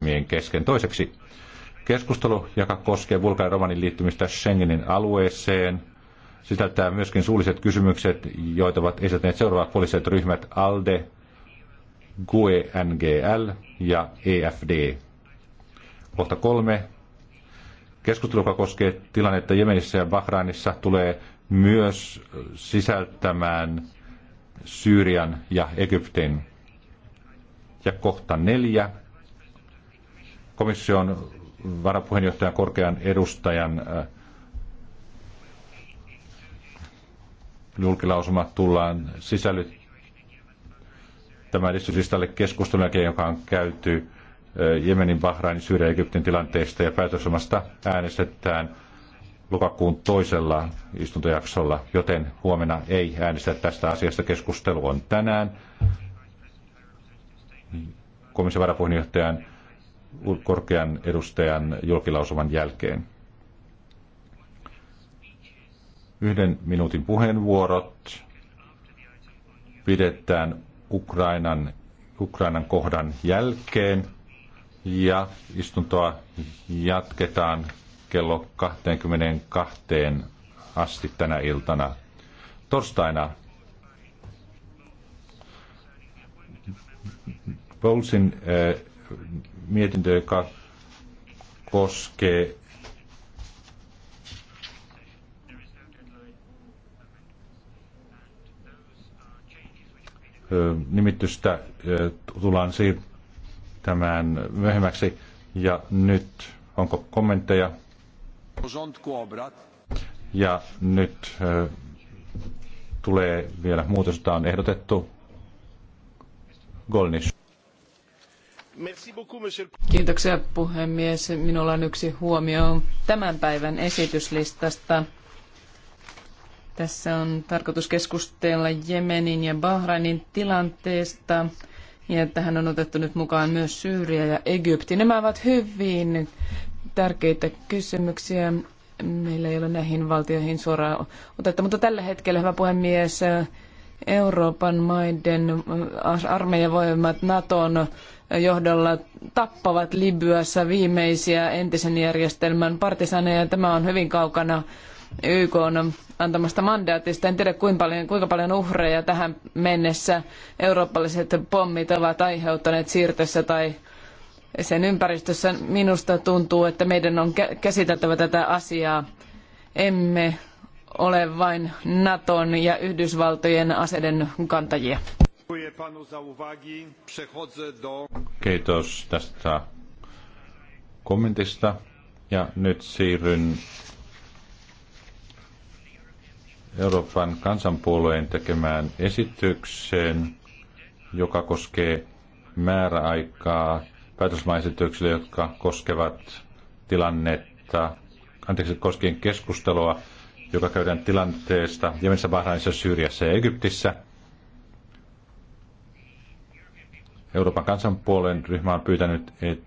mien kesken. Toiseksi keskustelu, joka koskee Bulgarian romanin liittymistä Schengenin alueeseen, sisältää myöskin suulliset kysymykset, joita ovat esittäneet seuraavat poliittiset ryhmät ALDE, GUE, NGL ja EFD. Kohta kolme. Keskustelu, joka koskee tilannetta Jemenissä ja Bahrainissa, tulee myös sisältämään Syyrian ja Egyptin. Ja kohta neljä komission varapuheenjohtajan korkean edustajan äh, julkilausuma tullaan sisällyttämään tämä edistyslistalle keskustelun jälkeen, joka on käyty äh, Jemenin, Bahrainin, Syyrian ja Egyptin tilanteesta ja päätösomasta äänestetään lokakuun toisella istuntojaksolla, joten huomenna ei äänestetä tästä asiasta. Keskustelu on tänään komission varapuheenjohtajan korkean edustajan julkilausuman jälkeen. Yhden minuutin puheenvuorot pidetään Ukrainan, Ukrainan kohdan jälkeen ja istuntoa jatketaan kello 22 asti tänä iltana. Torstaina Bowlesin eh, mietintö, joka koskee nimitystä tullaan siirtämään myöhemmäksi. Ja nyt, onko kommentteja? Ja nyt tulee vielä muutos, jota on ehdotettu. Golnish. Kiitoksia puhemies. Minulla on yksi huomio tämän päivän esityslistasta. Tässä on tarkoitus keskustella Jemenin ja Bahrainin tilanteesta. Ja tähän on otettu nyt mukaan myös Syyria ja Egypti. Nämä ovat hyvin tärkeitä kysymyksiä. Meillä ei ole näihin valtioihin suoraan otetta, mutta tällä hetkellä, hyvä puhemies, Euroopan maiden armeijavoimat Naton johdolla tappavat Libyassa viimeisiä entisen järjestelmän partisaneja. Tämä on hyvin kaukana YK on antamasta mandaatista. En tiedä kuinka paljon, kuinka paljon uhreja tähän mennessä eurooppalaiset pommit ovat aiheuttaneet siirtössä tai sen ympäristössä. Minusta tuntuu, että meidän on käsiteltävä tätä asiaa. Emme ole vain Naton ja Yhdysvaltojen aseiden kantajia. Kiitos tästä kommentista. Ja nyt siirryn Euroopan kansanpuolueen tekemään esitykseen, joka koskee määräaikaa päätösmaesityksille, jotka koskevat tilannetta, anteeksi, koskien keskustelua joka käydään tilanteesta Jemenissä, Bahrainissa, Syyriassa ja Egyptissä. Euroopan kansanpuolen ryhmä on pyytänyt, että